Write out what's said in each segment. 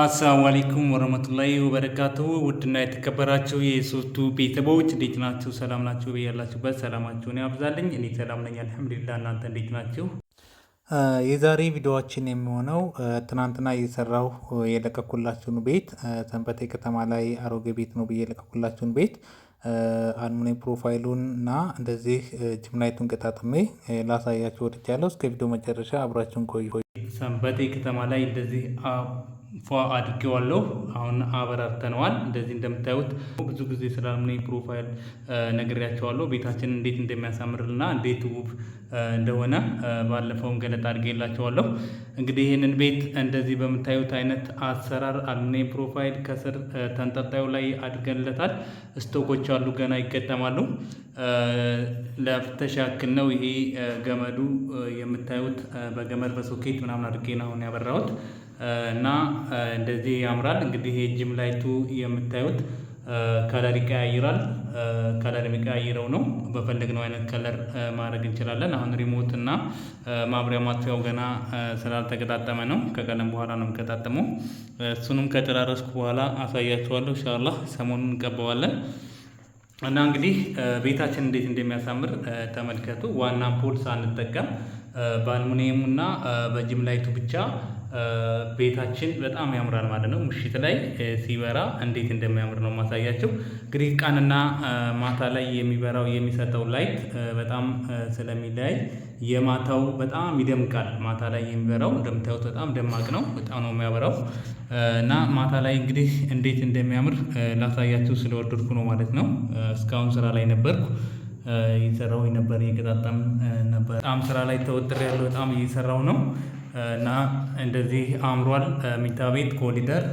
አሰላሙ አለይኩም ወረህመቱላሂ ወበረካቱ። ውድና የተከበራችሁ የሶስቱ ቤተሰቦች እንዴት ናችሁ? ሰላም ናችሁ? ያላችሁበት ሰላማችሁን ያብዛልኝ። እኔ ሰላም ነኝ አልሐምዱሊላህ። እናንተ እንዴት ናችሁ? የዛሬ ቪዲዮችን የሚሆነው ትናንትና እየሰራው የለቀኩላችሁን ቤት ሰንበቴ ከተማ ላይ አሮጌ ቤት ነው ብዬ የለቀኩላችሁን ቤት አልሙኒ ፕሮፋይሉን እና እንደዚህ ጅምናይቱን ገጣጥሜ ላሳያችሁ ወድጃለሁ። እስከ ቪዲዮ መጨረሻ አብራችሁን ቆዩ። ሰንበቴ ከተማ ላይ እንደዚህ ፏ አድርጌዋለሁ። አሁን አበራርተነዋል። እንደዚህ እንደምታዩት ብዙ ጊዜ ስላልምነ ፕሮፋይል ነግሬያቸዋለሁ። ቤታችንን እንዴት እንደሚያሳምርልና እንዴት ውብ እንደሆነ ባለፈውን ገለጥ አድርጌላቸዋለሁ። እንግዲህ ይህንን ቤት እንደዚህ በምታዩት አይነት አሰራር አልሙኒየም ፕሮፋይል ከስር ተንጠልጣዩ ላይ አድርገንለታል። ስቶኮች አሉ፣ ገና ይገጠማሉ። ለፍተሻ ያክል ነው። ይሄ ገመዱ የምታዩት በገመድ በሶኬት ምናምን አድርጌ ነው አሁን ያበራሁት። እና እንደዚህ ያምራል። እንግዲህ የጅም ላይቱ የምታዩት ከለር ይቀያይራል። ከለር የሚቀያይረው ነው። በፈለግነው አይነት ከለር ማድረግ እንችላለን። አሁን ሪሞት እና ማብሪያ ማጥፊያው ገና ስላልተገጣጠመ ነው። ከቀለም በኋላ ነው የሚገጣጠመው። እሱንም ከጨራረስኩ በኋላ አሳያችኋለሁ። ኢንሻላህ ሰሞኑን እንቀበዋለን። እና እንግዲህ ቤታችን እንዴት እንደሚያሳምር ተመልከቱ። ዋና ፖል ሳንጠቀም በአልሙኒየሙ እና በጅም ላይቱ ብቻ ቤታችን በጣም ያምራል ማለት ነው። ምሽት ላይ ሲበራ እንዴት እንደሚያምር ነው ማሳያቸው። እንግዲህ ቀንና ማታ ላይ የሚበራው የሚሰጠው ላይት በጣም ስለሚለያይ የማታው በጣም ይደምቃል። ማታ ላይ የሚበራው እንደምታዩት በጣም ደማቅ ነው። በጣም ነው የሚያበራው እና ማታ ላይ እንግዲህ እንዴት እንደሚያምር ላሳያችሁ ስለወደድኩ ነው ማለት ነው። እስካሁን ስራ ላይ ነበርኩ እየሰራሁ ነበር፣ እየቀጣጣም ነበር። በጣም ስራ ላይ ያለው በጣም እየሰራሁ ነው። እና እንደዚህ አምሯል። መኝታ ቤት ኮሊደር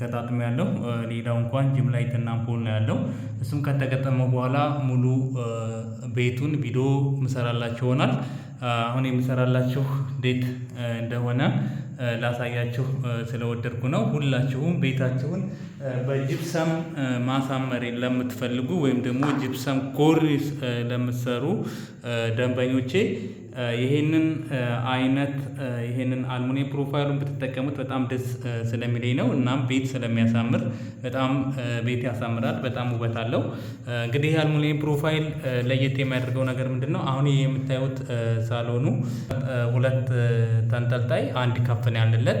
ገጣጥሞ ያለው ሌላው እንኳን ጅም ላይት እና አምፖል ነው ያለው። እሱም ከተገጠመ በኋላ ሙሉ ቤቱን ቪዲዮ ምሰራላችሁ ይሆናል። አሁን የምሰራላችሁ እንዴት እንደሆነ ላሳያችሁ ስለወደድኩ ነው። ሁላችሁም ቤታችሁን በጅብሰም ማሳመር ለምትፈልጉ ወይም ደግሞ ጅብሰም ኮርኒስ ለምትሰሩ ደንበኞቼ ይሄንን አይነት ይሄንን አልሙኒየም ፕሮፋይሉን ብትጠቀሙት በጣም ደስ ስለሚለኝ ነው። እናም ቤት ስለሚያሳምር በጣም ቤት ያሳምራል፣ በጣም ውበት አለው። እንግዲህ የአልሙኒየም ፕሮፋይል ለየት የሚያደርገው ነገር ምንድን ነው? አሁን ይህ የምታዩት ሳሎኑ ሁለት ተንጠልጣይ አንድ ካፍ ያለለት።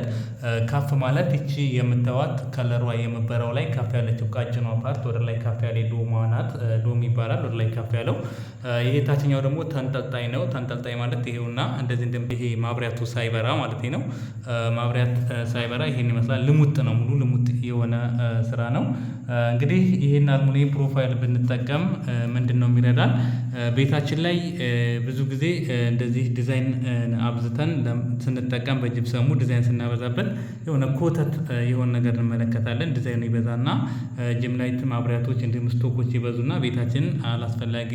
ካፍ ማለት ይቺ የምታዩት ከለሯ የምበራው ላይ ካፍ ያለችው ቃጭኗ ፓርት ወደ ላይ ካፍ ያለ ዶማ ዶም ይባላል ወደ ላይ ካፍ ያለው። ይሄ ታችኛው ደግሞ ተንጠልጣይ ነው። ተንጠልጣይ ማለት ማለት ይሄውና እንደዚህ እንደም ይሄ ማብሪያቱ ሳይበራ ማለት ነው። ማብሪያት ሳይበራ ይሄን ይመስላል። ልሙጥ ነው፣ ሙሉ ልሙጥ የሆነ ስራ ነው። እንግዲህ ይሄን አልሙኒየም ፕሮፋይል ብንጠቀም ምንድን ነው የሚረዳል? ቤታችን ላይ ብዙ ጊዜ እንደዚህ ዲዛይን አብዝተን ስንጠቀም በጅብሰሙ ዲዛይን ስናበዛበት የሆነ ኮተት የሆነ ነገር እንመለከታለን። ዲዛይኑ ይበዛና ጅምላይት ማብሪያቶች እንዲሁም ስቶኮች ይበዙና ቤታችን አላስፈላጊ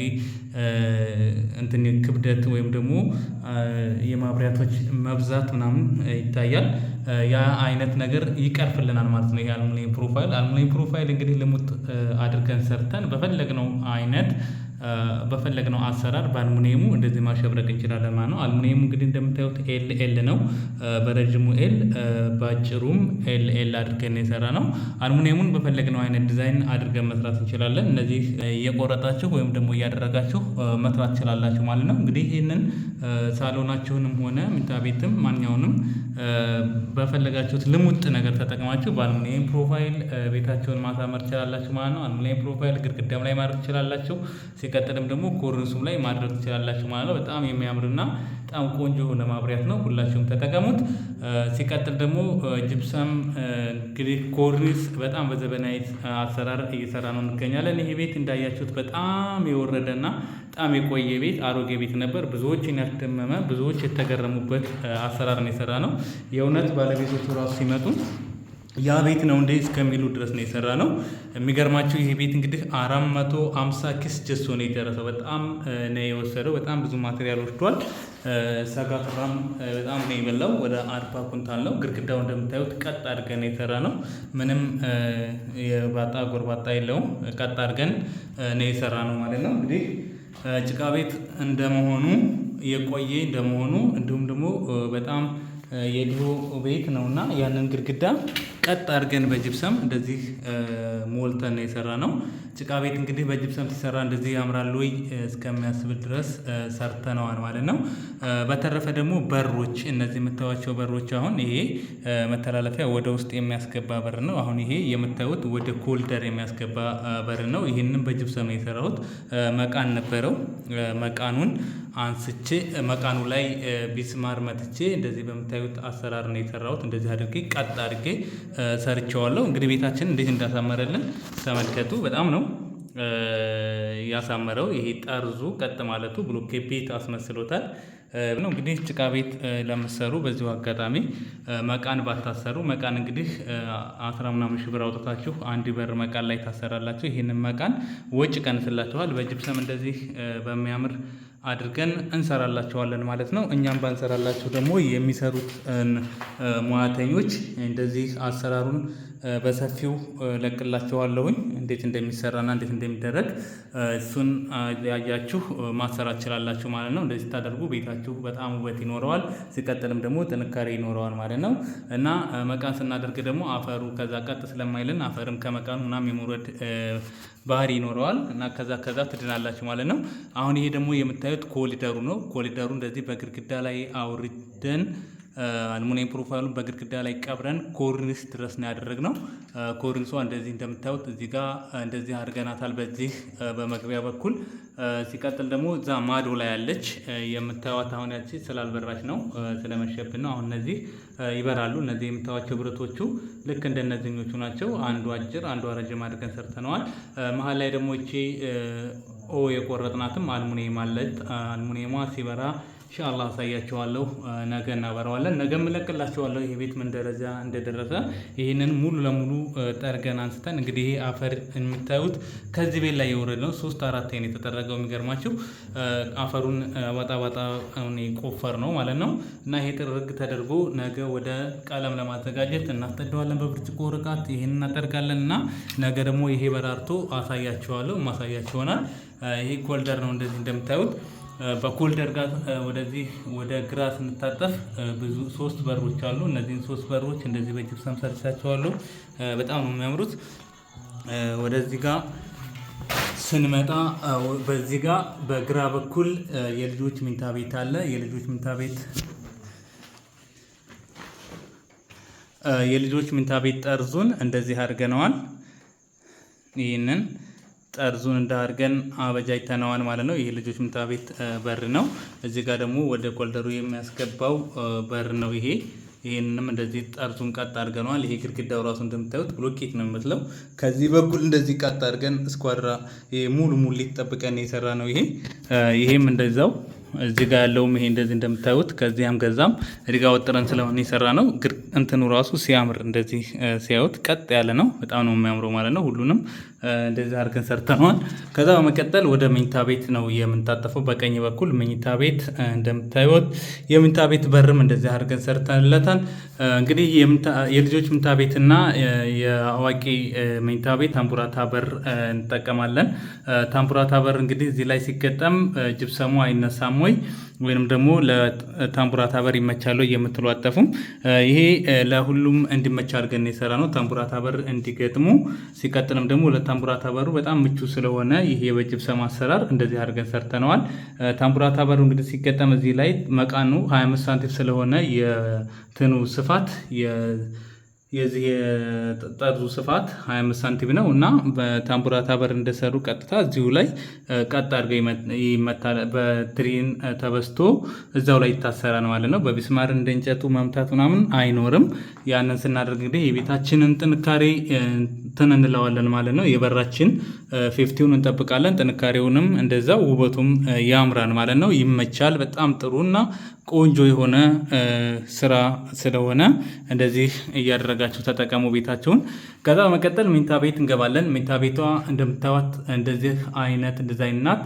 እንትን ክብደት ወይም ደግሞ የማብሪያቶች መብዛት ምናምን ይታያል። ያ አይነት ነገር ይቀርፍልናል ማለት ነው። የአልሙኒየም ፕሮፋይል አልሙኒየም ፕሮፋይል እንግዲህ ልሙጥ አድርገን ሰርተን በፈለግነው አይነት በፈለግነው አሰራር በአልሙኒየሙ እንደዚህ ማሸብረቅ እንችላለን ማለት ነው። አልሙኒየሙ እንግዲህ እንደምታዩት ኤል ኤል ነው፣ በረዥሙ ኤል በአጭሩም ኤል ኤል አድርገን የሰራ ነው። አልሙኒየሙን በፈለግነው አይነት ዲዛይን አድርገን መስራት እንችላለን። እነዚህ እየቆረጣችሁ ወይም ደግሞ እያደረጋችሁ መስራት ትችላላችሁ ማለት ነው። እንግዲህ ይህንን ሳሎናችሁንም ሆነ ምንጣ ቤትም ማንኛውንም በፈለጋችሁት ልሙጥ ነገር ተጠቅማችሁ በአልሙኒየም ፕሮፋይል ቤታችሁን ማሳመር ትችላላችሁ ማለት ነው። አልሙኒየም ፕሮፋይል ግድግዳም ላይ ማድረግ ትችላላችሁ። ሲቀጥልም ደግሞ ኮርንሱም ላይ ማድረግ ትችላላችሁ ማለት ነው። በጣም የሚያምርና በጣም ቆንጆ የሆነ ማብሪያት ነው። ሁላችሁም ተጠቀሙት። ሲቀጥል ደግሞ ጅብሰም እንግዲህ ኮርኒስ በጣም በዘመናዊ አሰራር እየሰራ ነው እንገኛለን። ይሄ ቤት እንዳያችሁት በጣም የወረደና በጣም የቆየ ቤት አሮጌ ቤት ነበር። ብዙዎችን ያስደመመ ብዙዎች የተገረሙበት አሰራር ነው የሰራ ነው። የእውነት ባለቤቶቹ ራሱ ሲመጡ ያ ቤት ነው እንዴ እስከሚሉ ድረስ ነው የሰራ ነው። የሚገርማቸው ይሄ ቤት እንግዲህ አራት መቶ አምሳ ኪስ ጀሶ ነው የደረሰው። በጣም ነው የወሰደው። በጣም ብዙ ማቴሪያል ወስዷል። ሰጋቱራም በጣም ነው የበላው። ወደ አርባ ኩንታል ነው። ግድግዳው እንደምታዩት ቀጥ አድርገን ነው የሰራ ነው። ምንም የባጣ ጎርባጣ የለውም። ቀጥ አድርገን ነው የሰራ ነው ማለት ነው። እንግዲህ ጭቃ ቤት እንደመሆኑ የቆየ እንደመሆኑ እንዲሁም ደግሞ በጣም የድሮ ቤት ነውና ያንን ግድግዳ ቀጥ አድርገን በጅብሰም እንደዚህ ሞልተን የሰራ ነው። ጭቃ ቤት እንግዲህ በጅብሰም ሲሰራ እንደዚህ ያምራል ወይ እስከሚያስብል ድረስ ሰርተነዋል ማለት ነው። በተረፈ ደግሞ በሮች፣ እነዚህ የምታዩቸው በሮች አሁን ይሄ መተላለፊያ ወደ ውስጥ የሚያስገባ በር ነው። አሁን ይሄ የምታዩት ወደ ኮልደር የሚያስገባ በር ነው። ይህንም በጅብሰም የሰራሁት መቃን ነበረው። መቃኑን አንስቼ መቃኑ ላይ ቢስማር መትቼ እንደዚህ በምታዩት አሰራር ነው የሰራሁት። እንደዚህ አድርጌ ቀጥ አድርጌ ሰርቸዋለሁ። እንግዲህ ቤታችን እንዴት እንዳሳመረልን ተመልከቱ። በጣም ነው ያሳመረው። ይሄ ጠርዙ ቀጥ ማለቱ ብሎኬ ቤት አስመስሎታል። ነው እንግዲህ ጭቃ ቤት ለምትሰሩ በዚሁ አጋጣሚ መቃን ባታሰሩ። መቃን እንግዲህ አስራ ምናምን ሺህ ብር አውጥታችሁ አንድ በር መቃን ላይ ታሰራላችሁ። ይህንን መቃን ወጭ ቀንስላችኋል። በጅብሰም እንደዚህ በሚያምር አድርገን እንሰራላቸዋለን ማለት ነው። እኛም ባንሰራላቸው ደግሞ የሚሰሩት ሙያተኞች እንደዚህ አሰራሩን በሰፊው ለቅላችኋለሁኝ እንዴት እንደሚሰራና እንዴት እንደሚደረግ እሱን ያያችሁ ማሰራት ችላላችሁ ማለት ነው። እንደዚህ ታደርጉ ቤታችሁ በጣም ውበት ይኖረዋል። ሲቀጥልም ደግሞ ጥንካሬ ይኖረዋል ማለት ነው እና መቃን ስናደርግ ደግሞ አፈሩ ከዛ ቀጥ ስለማይልን አፈርም ከመቃኑ ምናምን የመውረድ ባህሪ ይኖረዋል እና ከዛ ከዛ ትድናላችሁ ማለት ነው። አሁን ይሄ ደግሞ የምታዩት ኮሊደሩ ነው። ኮሊደሩ እንደዚህ በግድግዳ ላይ አውርደን አልሙኒየም ፕሮፋይሉ በግድግዳ ላይ ቀብረን ኮርኒስ ድረስ ነው ያደረግነው። ኮርኒሷ እንደዚህ እንደምታዩት እዚህ ጋር እንደዚህ አድርገናታል፣ በዚህ በመግቢያ በኩል ሲቀጥል ደግሞ እዛ ማዶ ላይ ያለች የምታዩት አሁን ያቺ ስላልበራች ነው ስለመሸብን ነው። አሁን እነዚህ ይበራሉ። እነዚህ የምታዩቸው ብረቶቹ ልክ እንደነዚህኞቹ ናቸው። አንዱ አጭር፣ አንዱ ረጅም አድርገን ሰርተነዋል። መሀል ላይ ደግሞ እቺ ኦ የቆረጥናትም አልሙኒየም አለች። አልሙኒየሟ ሲበራ ኢንሻአላ አሳያቸዋለሁ። ነገ እናበረዋለን። ነገ ምለቅላቸዋለሁ የቤት ምን ደረጃ እንደደረሰ። ይህንን ሙሉ ለሙሉ ጠርገን አንስተን እንግዲህ ይሄ አፈር የምታዩት ከዚህ ቤት ላይ የወረደ ነው። ሶስት አራት አይነት የተጠረገው የሚገርማችሁ አፈሩን ባጣ ባጣ ቆፈር ነው ማለት ነው። እና ይሄ ጥርግ ተደርጎ ነገ ወደ ቀለም ለማዘጋጀት እናስጠደዋለን በብርጭቆ ወረቀት። ይህን እናጠርጋለን እና ነገ ደግሞ ይሄ በራርቶ አሳያቸዋለሁ። ማሳያቸውናል። ይሄ ኮልደር ነው እንደዚህ እንደምታዩት በኮልደር ደርጋ ወደዚህ ወደ ግራ ስንታጠፍ ብዙ ሶስት በሮች አሉ። እነዚህን ሶስት በሮች እንደዚህ በጅብሰም ሰርቻቸዋለሁ። በጣም ነው የሚያምሩት። ወደዚህ ጋር ስንመጣ በዚህ ጋር በግራ በኩል የልጆች ምኝታ ቤት አለ። የልጆች ምኝታ ቤት የልጆች ምኝታ ቤት ጠርዙን እንደዚህ አድርገነዋል። ይህንን ጠርዙን እንዳርገን አበጃጅተነዋል ማለት ነው። ይህ ልጆች ምታ ቤት በር ነው። እዚህ ጋር ደግሞ ወደ ኮልደሩ የሚያስገባው በር ነው ይሄ ይህንንም እንደዚህ ጠርዙን ቀጥ አድርገነዋል። ይሄ ግድግዳው ራሱ እንደምታዩት ብሎኬት ነው የምትለው። ከዚህ በኩል እንደዚህ ቀጥ አድርገን እስኳድራ ሙሉ ሙሉ ሊጠብቀን የሰራ ነው ይሄ ይሄም እንደዛው እዚህ ጋር ያለውም ይሄ እንደዚህ እንደምታዩት ከዚያም ገዛም እዲጋ ወጥረን ስለሆነ የሰራ ነው። እንትኑ ራሱ ሲያምር እንደዚህ ሲያዩት ቀጥ ያለ ነው። በጣም ነው የሚያምረው ማለት ነው ሁሉንም እንደዚህ አድርገን ሰርተነዋል። ከዛ በመቀጠል ወደ መኝታ ቤት ነው የምንታጠፈው። በቀኝ በኩል መኝታ ቤት እንደምታዩት የመኝታ ቤት በርም እንደዚህ አድርገን ሰርተንለታል። እንግዲህ የልጆች መኝታ ቤትና የአዋቂ መኝታ ቤት ታምቡራታ በር እንጠቀማለን። ታምቡራታ በር እንግዲህ እዚህ ላይ ሲገጠም ጅብሰሙ አይነሳም ወይ ወይንም ደግሞ ለታምቡራ ታበር ይመቻሉ የምትሉ አጠፉም። ይሄ ለሁሉም እንዲመቻ አድርገን የሰራ ነው፣ ታምቡራ ታበር እንዲገጥሙ። ሲቀጥልም ደግሞ ለታምቡራ ታበሩ በጣም ምቹ ስለሆነ ይሄ በጅብሰም አሰራር እንደዚህ አድርገን ሰርተነዋል። ታምቡራ ታበሩ እንግዲህ ሲገጠም እዚህ ላይ መቃኑ 25 ሳንቲም ስለሆነ የትኑ ስፋት የዚህ የጠርዙ ስፋት 25 ሳንቲም ነው እና በታምቡራ በር እንደሰሩ ቀጥታ እዚሁ ላይ ቀጥ አድርገው ይመታል። በትሪን ተበስቶ እዛው ላይ ይታሰራል ማለት ነው። በቢስማር እንደ እንጨቱ መምታት ምናምን አይኖርም። ያንን ስናደርግ እንግዲህ የቤታችንን ጥንካሬ እንትን እንለዋለን ማለት ነው። የበራችን ፊፍቲውን እንጠብቃለን። ጥንካሬውንም እንደዛው ውበቱም ያምራል ማለት ነው። ይመቻል። በጣም ጥሩ እና ቆንጆ የሆነ ስራ ስለሆነ እንደዚህ እያደረጋችሁ ተጠቀሙ ቤታችሁን። ከዛ በመቀጠል ሜንታ ቤት እንገባለን። ሜንታ ቤቷ እንደምታዩት እንደዚህ አይነት ዲዛይን ናት።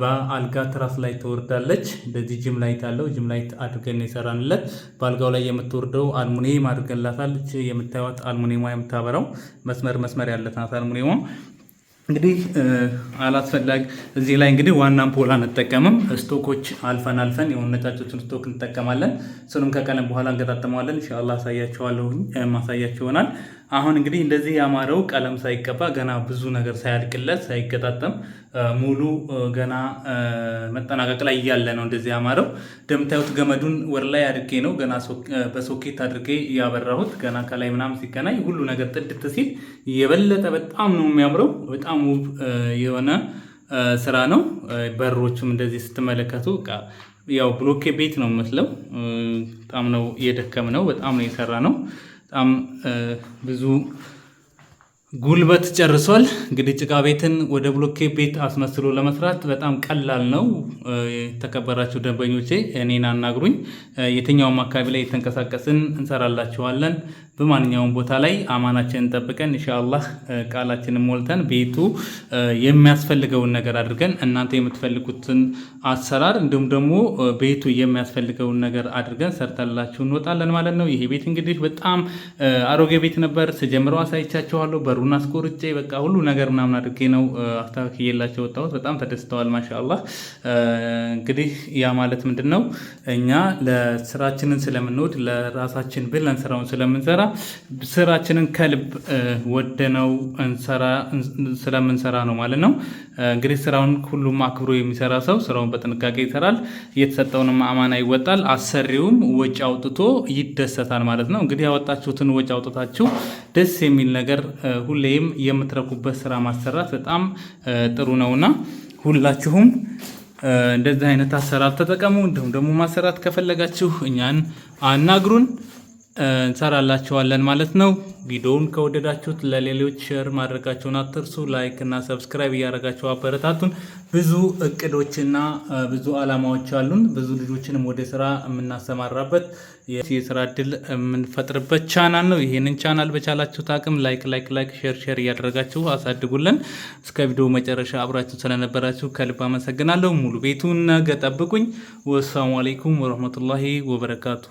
በአልጋ ትራስ ላይ ትወርዳለች። እንደዚህ ጅም ላይት አለው። ጅም ላይት አድርገን የሰራንለት በአልጋው ላይ የምትወርደው አልሙኒየም አድርገንላታል። የምታዩት አልሙኒየሟ የምታበራው መስመር መስመር ያለት ናት አልሙኒየሟ። እንግዲህ አላስፈላጊ እዚህ ላይ እንግዲህ ዋና አምፖል አንጠቀምም። ስቶኮች አልፈን አልፈን የሆነጫቸውን ስቶክ እንጠቀማለን። ስኑም ከቀለም በኋላ እንገጣጠመዋለን። ኢንሻላህ አሳያቸዋለሁ ማሳያቸው ይሆናል። አሁን እንግዲህ እንደዚህ ያማረው ቀለም ሳይቀባ ገና ብዙ ነገር ሳያልቅለት ሳይገጣጠም ሙሉ ገና መጠናቀቅ ላይ እያለ ነው እንደዚህ ያማረው። እንደምታዩት ገመዱን ወር ላይ አድርጌ ነው ገና በሶኬት አድርጌ ያበራሁት። ገና ከላይ ምናምን ሲገናኝ ሁሉ ነገር ጥድት ሲል የበለጠ በጣም ነው የሚያምረው። በጣም ውብ የሆነ ስራ ነው። በሮቹም እንደዚህ ስትመለከቱ ያው ብሎኬ ቤት ነው መስለው። በጣም ነው እየደከም ነው። በጣም ነው የሰራ ነው። am äh, Besuch ጉልበት ጨርሷል። እንግዲህ ጭቃ ቤትን ወደ ብሎኬ ቤት አስመስሎ ለመስራት በጣም ቀላል ነው። የተከበራችሁ ደንበኞቼ እኔን አናግሩኝ። የትኛውም አካባቢ ላይ የተንቀሳቀስን እንሰራላችኋለን። በማንኛውም ቦታ ላይ አማናችንን ጠብቀን ኢንሻአላህ ቃላችንን ሞልተን ቤቱ የሚያስፈልገውን ነገር አድርገን እናንተ የምትፈልጉትን አሰራር እንዲሁም ደግሞ ቤቱ የሚያስፈልገውን ነገር አድርገን ሰርተላችሁ እንወጣለን ማለት ነው። ይሄ ቤት እንግዲህ በጣም አሮጌ ቤት ነበር። ስጀምረው አሳይቻችኋለሁ በሩ ብሩን አስቆርጬ በቃ ሁሉ ነገር ምናምን አድርጌ ነው አስተካክዬላቸው ወጣሁት። በጣም ተደስተዋል። ማሻላ እንግዲህ ያ ማለት ምንድን ነው እኛ ለስራችንን ስለምንወድ ለራሳችን ብለን ስራውን ስለምንሰራ ስራችንን ከልብ ወደነው ስለምንሰራ ነው ማለት ነው። እንግዲህ ስራውን ሁሉም አክብሮ የሚሰራ ሰው ስራውን በጥንቃቄ ይሰራል፣ የተሰጠውንም አማና ይወጣል፣ አሰሪውም ወጪ አውጥቶ ይደሰታል ማለት ነው። እንግዲህ ያወጣችሁትን ወጪ አውጥታችሁ ደስ የሚል ነገር ሁሌም የምትረኩበት ስራ ማሰራት በጣም ጥሩ ነውና ሁላችሁም እንደዚህ አይነት አሰራር ተጠቀሙ። እንዲሁም ደግሞ ማሰራት ከፈለጋችሁ እኛን አናግሩን። እንሰራላችኋለን ማለት ነው። ቪዲዮውን ከወደዳችሁት ለሌሎች ሼር ማድረጋችሁን አትርሱ። ላይክ እና ሰብስክራይብ እያደረጋችሁ አበረታቱን። ብዙ እቅዶችና ብዙ አላማዎች አሉን። ብዙ ልጆችንም ወደ ስራ የምናሰማራበት የስራ እድል የምንፈጥርበት ቻናል ነው። ይህንን ቻናል በቻላችሁት አቅም ላይክ ላይክ ላይክ ሼር ሼር እያደረጋችሁ አሳድጉልን። እስከ ቪዲዮ መጨረሻ አብራችሁ ስለነበራችሁ ከልብ አመሰግናለሁ። ሙሉ ቤቱን ነገ ጠብቁኝ። ወሰላሙ አሌይኩም ወረህመቱላሂ ወበረካቱ